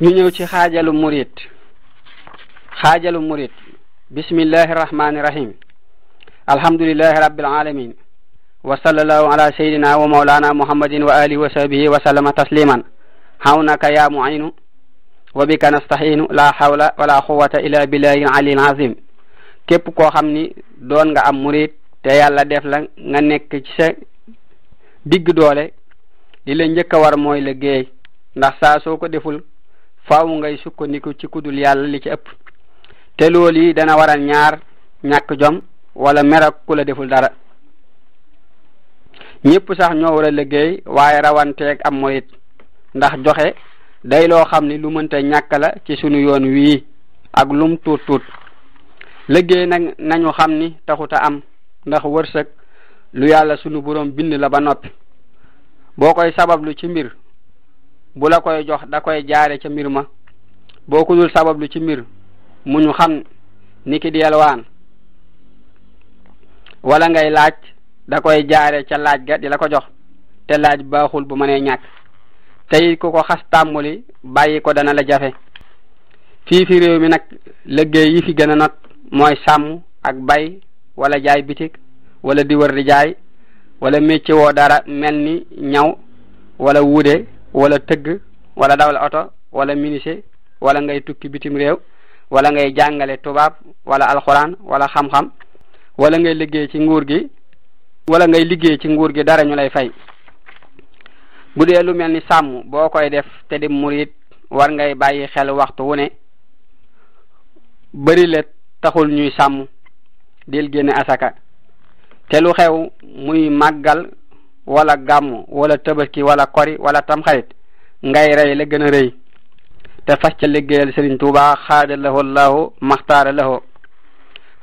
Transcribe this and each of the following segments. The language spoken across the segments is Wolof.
ñu ñëw ci xaajalu murit xaajalu murit bismillahi irrahmani irrahim alhamdulillahi rabbil alamin wa ala sayidina wa maulana muhammadin wa alihi wa sahbihi wa sallama tasliman hawnaka ya muinu wa bika nastahinu la hawla wala quwata illa billahi alil azim képp koo xam ni doon nga am murit te yàlla def la nga nekk ci digg doole li la njëkk war mooy liggéey ndax saa soo ko deful faaw ngay sukkandiku ci kudul yàlla li ci ëpp te lool yi dana waral ñaar ñàkk jom walla merak ku la deful dara ñëpp sax ñoo war a liggéey waaye rawanteeg am moyit ndax joxe day loo xam ni lu mënta ñàkk la ci sunu yoon wii ak lum tuut tuut liggéey nag nañu xam ni taxuta am ndax wërsëg lu yàlla sunu borom bind la ba noppi boo koy sabablu ci mbir bu la koy jox da koy jaare ca mbir ma boo ko dul sabablu ci mbir mu ñu xam ni ki di yalwaan wala ngay laaj da koy jaare ca laaj ga di la ko jox te laaj baaxul bu mënee ñàkk tey ku ko xas tàmmuli bàyyi ko dana la jafe fii fi réew mi nag liggéey yi fi gën a not mooy sàmm ak bay walla jaay bitik walla di wër di jaay walla mécce woo dara mel ni ñaw walla wuude wala tëgg wala dawal oto wala ministre wala ngay tukki bitim réew wala ngay jàngale tubaab wala alxuraan wala xam-xam wala ngay liggéey ci nguur gi wala ngay liggéey ci nguur gi dara lay fay bu dee lu mel ni sàmm boo koy def te di murit war ngay bàyyi xel waxtu wu ne bëri le taxul ñuy sàmm dil génne asaka te xew muy màggal wala gàmmu wala tabaski wala kori wala tamxarit ngay rey la gën a rëy te fas ca liggéeyal sëriñ tuuba xaada laho laahu maxtaara laho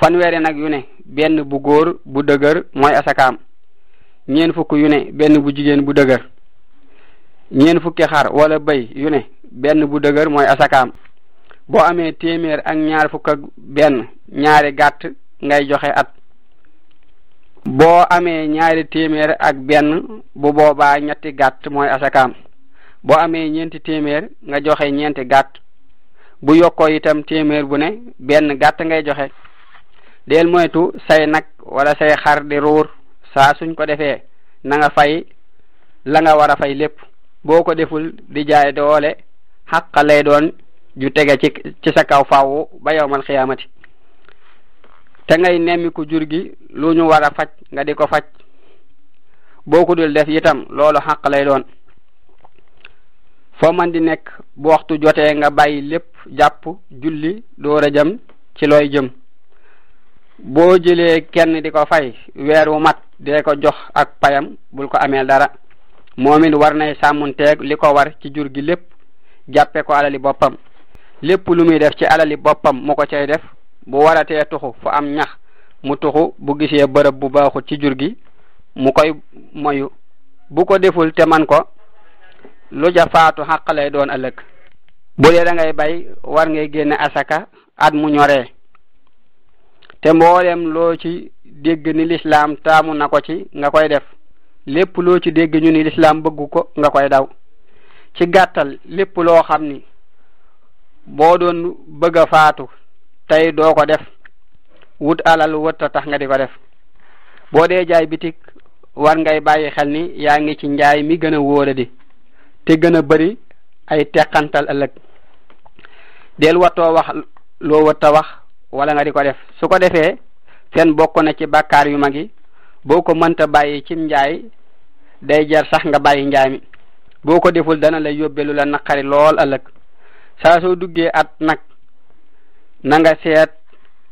fanweeri nag yu ne benn bu góor bu dëgër mooy asakaam ñeen fukk yu ne benn bu jigéen bu dëgër ñeen fukki xar wala bëy yu ne benn bu dëgër mooy asakaam boo amee téeméer ak ñaar fukk benn ñaari gàtt ngay joxe at boo amee ñaari téeméer ak benn bu boobaa ñetti gàtt mooy asakaam boo amee ñeenti téeméer nga joxe ñeenti gàtt bu yokkoo itam téeméer bu ne benn gàtt ngay joxe del moytu say nag wala say xar di ruur saa suñ ko defee na nga fay la nga war a fay lépp boo ko deful di jaay doole xaqa lay doon ju tege ci ci sa kaw faw ba yowmal xiyaamati te ngay nemmiku jur gi lu ñu war a faj nga di ko faj boo ko dul def itam loolu xaq lay doon foo man di nekk bu waxtu jotee nga bàyyi lépp jàpp julli door a jëm ci looy jëm boo jëlee kenn di ko fay weer wu mat dee ko jox ak payam bul ko ameel dara moom it war nay sàmmunteeg li ko war ci jur gi lépp jàppe ko alali boppam lépp lu muy def ci alali boppam mu ko cay def bu waratee tuxu fu am ñax mu tuxu bu gisee bërëb bu baaxut ci jur gi mu koy moyu bu ko deful te man ko lu ja faatu xaq lay doon ëllëg bu dee da ngay bay war ngay génne asaka at mu ñoree te mboolem loo ci dégg ni lislaam taamu na ko ci nga koy def lépp loo ci dégg ñu ni lislaam bëgg ko nga koy daw ci gàttal lépp loo xam ni boo doon bëgg a faatu tey doo ko def wut alal wëtta tax nga di ko def boo dee jaay bitik war ngay bàyyi xel ni yaa ngi ci njaay mi gën a wóora di te gën a bari ay teqantal ëllëg del wattoo wax loo wëtta wax wala nga di ko def su ko defee fen bokk na ci bàkkaar yu mag yi boo ko mënta bàyyi cim njaay day jar sax nga bàyyi njaay mi boo ko deful dana lay yóbbelu la naqari lool ëllëg saa soo duggee at nag na nga seet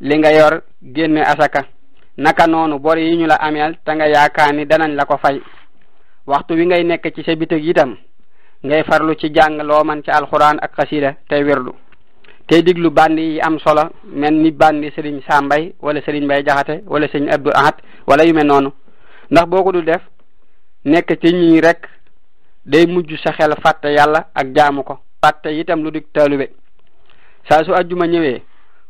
li nga yor génne asaka naka noonu bor yi ñu la ameel ta nga yaakaar ni danañ la ko fay waxtu wi ngay nekk ci sa bitig itam ngay farlu ci jàng loo man ci alxuraan ak xasida tey werdu tey diglu bandi yi am solo mel ni bandi sëriñ mbay wala sëriñ Mbay Jaxate wala sëriñ Abdou at wala yu me noonu ndax boo ko du def nekk ci ñi rek day mujj sa xel fàtte yàlla ak jaamu ko fàtte itam lu dig taalube saa su ajjuma ñëwee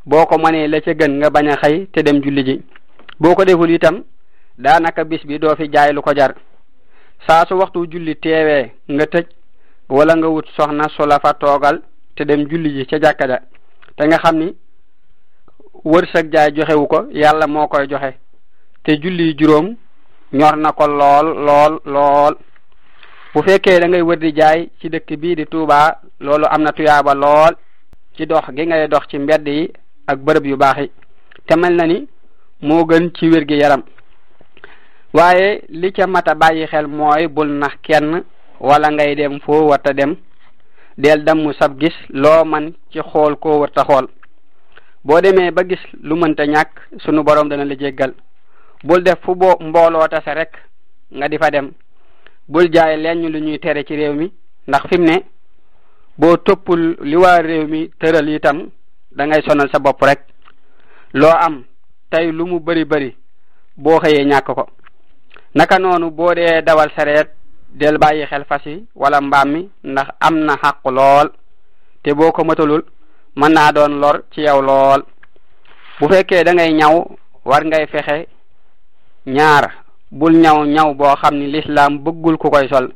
boo ko mënee la ca gën nga bañ a xëy te dem julli ji boo ko deful itam daanaka bis bi doo fi jaay lu ko jar saa su waxtu julli teewee nga tëj walla nga wut soxna su la fa toogal te dem julli ji ca jàkka ja te nga xam ni wërsëg jaay joxewu ko yàlla moo koy joxe te julli juróom ñor na ko lool lool lool bu fekkee da ngay wër jaay ci dëkk bii di Tuubaa loolu am na tuyaaba lool ci dox gi ngay dox ci mbedd yi ak bërëb yu baax yi te mel na ni moo gën ci wirgi yaram waaye li ca mat a bàyyi xel mooy bul nax kenn walla ngay dem foo warta dem del dammu sab gis loo man ci xool koo warta xool boo demee ba gis lu mënta ñàkk sunu borom dana la jéggal bul def fu boo mbooloo tase rek nga di fa dem bul jaay leen lu ñuy tere ci réew mi ndax fim ne boo toppul li réew mi tëral itam da ngay sonal sa bopp rek loo am tey lu mu bari bari boo xëyee ñàkk ko naka noonu boo dee dawal sareet del bàyyi xel fas yi walla mbaam mi ndax am na xàqu lool te boo ko matalul mën naa doon lor ci yow lool bu fekkee da ngay ñaw war ngay fexe ñaar bul ñaw ñaw boo xam ni lislaam bëggul ku koy sol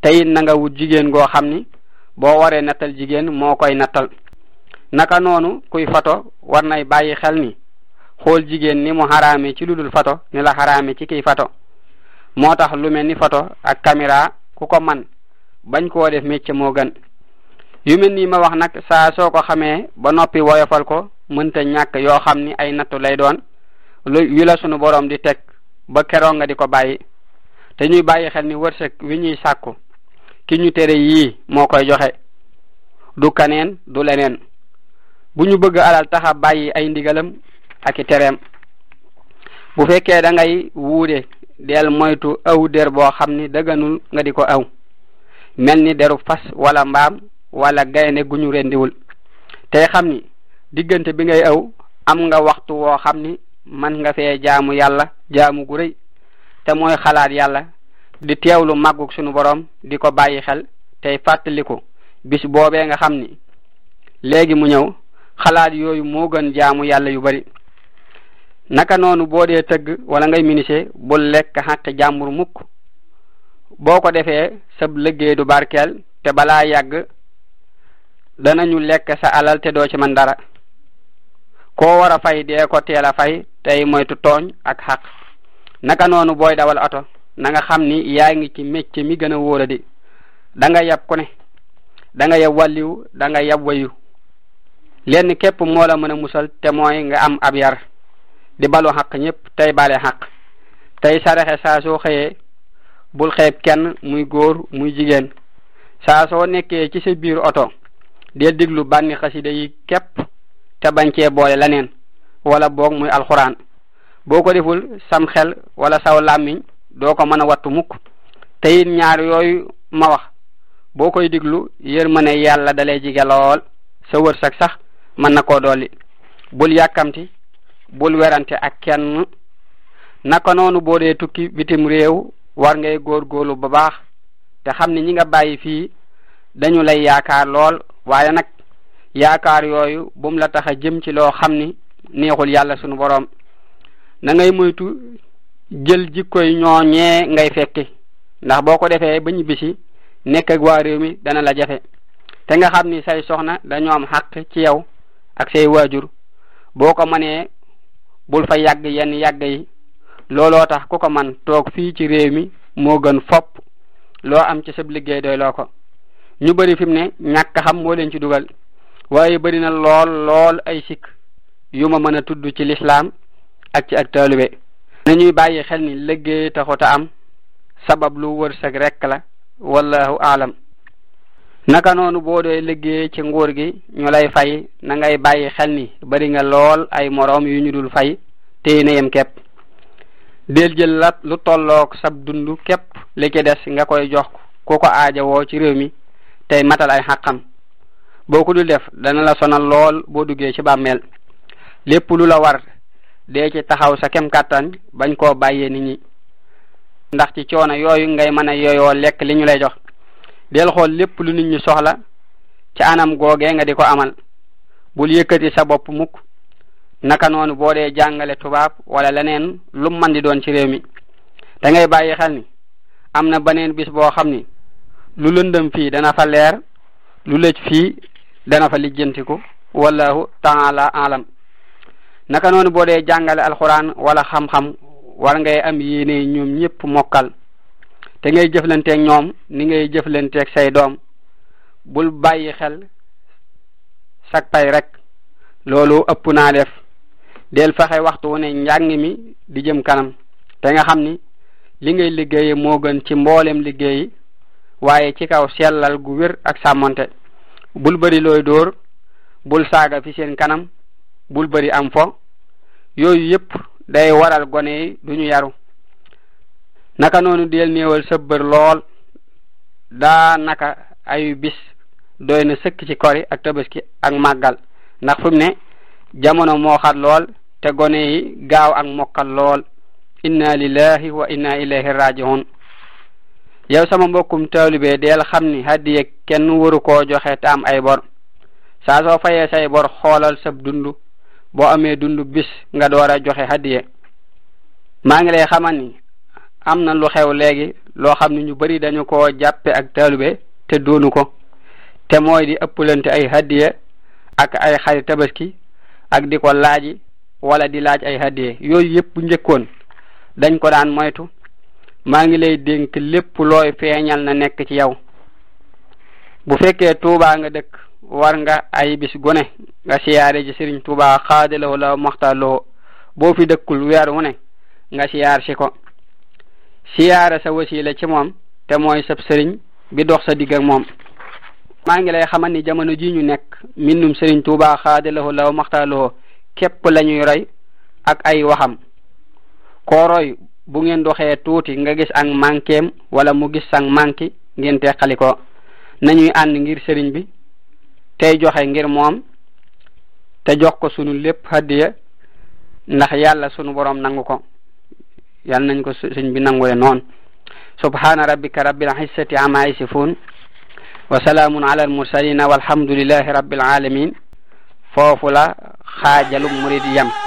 te it jigéen goo xam ni boo waree nattal jigéen moo koy nattal naka noonu kuy fato war nay bàyyi xel ni xool jigéen ni mu xaraame ci ludul fato ni la xaraame ci kiy fato moo tax lu mel ni photo ak kamira ku ko man bañ koo def métier moo gën yu mel nii ma wax nag saa soo ko xamee ba noppi woyofal ko mënta ñàkk yoo xam ni ay nattu lay doon lu sunu borom di teg ba keroog nga di ko bàyyi te ñuy bàyyi xel ni wërsëg wi ñuy sàkku ki ñu tere yii moo koy joxe du kaneen du leneen bu ñu bëgg alal taxa bàyyi ay ndigalam ak i tereem bu fekkee da ngay wuude del moytu aw der boo xam ni daganul nga di ko aw mel ni deru fas wala mbaam wala gaynde gu ñu rendiwul tey xam ni diggante bi ngay aw am nga waxtu woo xam ni man nga fee jaamu yàlla jaamu gu rëy te mooy xalaat yàlla di lu màggug sunu borom di ko bàyyi xel tey fàttaliku bis boobee nga xam ni léegi mu ñëw xalaat yooyu moo gën jaamu yàlla yu bari naka noonu boo dee tëgg wala ngay minise bul lekk xàq jàmbur mukk boo ko defee sa lëggee du barkeel te balaa yàgg danañu lekk sa alal te doo ci man dara koo war a fay dee ko teel a fay tey moytu tooñ ak xàq naka noonu booy dawal oto na nga xam ni yaa ngi ci métier mi gën a wóoradi da nga yab ku ne da nga yab walliwu da nga yab wayu lenn képp moo la mën a musal te mooy nga am ab yar di balu xaq ñépp tey bale xaq tey saraxe saa soo xëyee bul xeeb kenn muy góor muy jigéen saa soo nekkee ci sa biir oto dee diglu bànni xasida yi képp te bañ cee boole leneen wala boog muy alxuraan boo ko deful sam xel wala saw làmmiñ doo ko mën a wattu mukk tey ñaar yooyu ma wax boo koy diglu yër ma ne yàlla dalee jige lool sa wërsëg sax mën na koo dolli bul yàkkamti bul werante ak kenn naka noonu boo dee tukki bitim réew war ngay góorgóorlu bu baax te xam ne ñi nga bàyyi fii dañu lay yaakaar lool waaye nag yaakaar yooyu bum la tax a jëm ci loo xam ni neexul yàlla sunu boroom na ngay moytu jël jikkoy ñooñee ngay fekki ndax boo ko defee ba ñibbisi nekk ak waa réew mi dana la jafe te nga xam ni say soxna dañoo am xaq ci yow ak say waajur boo ko mënee bul fa yàgg yenn yàgg yi looloo tax ku ko man toog fii ci réew mi moo gën fopp loo am ci sab liggéey doy loo ko ñu bari fi mu ne ñàkk xam moo leen ci dugal waaye bëri na lool lool ay sikk yu ma mën a tudd ci lislaam ak ci ak taalube nañuy bàyyi xel ni liggéey taxut a am sabab lu wërsëg rekk la wallahu aalam naka noonu boo dee liggéey ci nguur gi ñu lay fay na ngay bàyyi xel ni bari nga lool ay moroom yu ñu dul fay téye na yem képp del jël lu tollook sab dund képp li ci des nga koy jox ku ko aajawoo ci réew mi tey matal ay xàqam boo ko dul def dana la sonal lool boo duggee ci bàmmeel lépp lu la war dee ci taxaw sa kem kàttan bañ koo bàyyee ni ñi ndax ci coono yooyu ngay mën a yooyoo lekk li ñu lay jox del xool lépp lu nit ñi soxla ca anam googee nga di ko amal bul yëkkati sa bopp mukk naka noonu boo dee jàngale tubaab wala leneen lu man di doon ci réew mi da ngay bàyyi xel ni am na beneen bis boo xam ni lu lëndëm fii dana fa leer lu lëj fii dana fa lijjantiku wallahu taala alam naka noonu boo dee jàngale alxuraan wala xam-xam war ngay am yéene ñoom ñëpp mokkal te ngay jëflanteeg ñoom ni ngay jëflanteeg say doom bul bàyyi xel sak pay rek loolu ëpp naa def del fexe waxtu wu ne njàng mi di jëm kanam te nga xam ni li ngay liggéeye moo gën ci mboolem liggéeyi waaye ci kaw sellal gu wér ak sàmmonte bul bari looy dóor bul saaga fi seen kanam bul bari am fo yooyu yëpp day waral gone yi du ñu yaru naka noonu del néewal sëbbër lool daa naka ayu bis doy na sëkk ci kori ak tabaski ak màggal ndax fu ne jamono moo xat lool te gone yi gaaw ak mokkal lool inna lillahi wa inna ilayhi rajiun yow sama mbokkum taalibe del xam ni hadiya kenn waru koo joxe te am ay bor saa soo fayee say bor xoolal sab dundu boo amee dundu bis nga door a joxe hadiya maa ngi lay xamal am na lu xew léegi loo xam ne ñu bari dañu ko jàppe ak taalube te doonu ko te mooy di ëppalante ay hadiye ak ay xari tabaski ak di ko laaji wala di laaj ay hadiye yooyu yëpp njëkkoon dañ ko daan moytu maa ngi lay dénk lépp looy feeñal na nekk ci yow bu fekkee tuubaa nga dëkk war nga ay bis gone nga ji sëriñ tuubaa xaadalawo la boo fi dëkkul weer wu ne nga siyaar si ko siyaare sa wasila ci moom te mooy sab sëriñ bi dox sa digg moom maa ngi lay xamal ni jamono ji ñu nekk mbindum sëriñ Tuubaa xaadalawoo law maxtaalawoo képp la ñuy roy ak ay waxam koo bu ngeen doxee tuuti nga gis ak manquéem wala mu gis sang manqué ngeen teqali ko nañuy ànd ngir sëriñ bi tey joxe ngir moom te jox ko sunu lépp hadiya ndax yàlla sunu borom nangu ko yal nañ ko sëñ bi nangoye noon subhana rabbika rabbil izzati amma yasifun wa salaamun ala al mursalina walhamdulillahi rabbil alamin foofu la xaajalum murid yam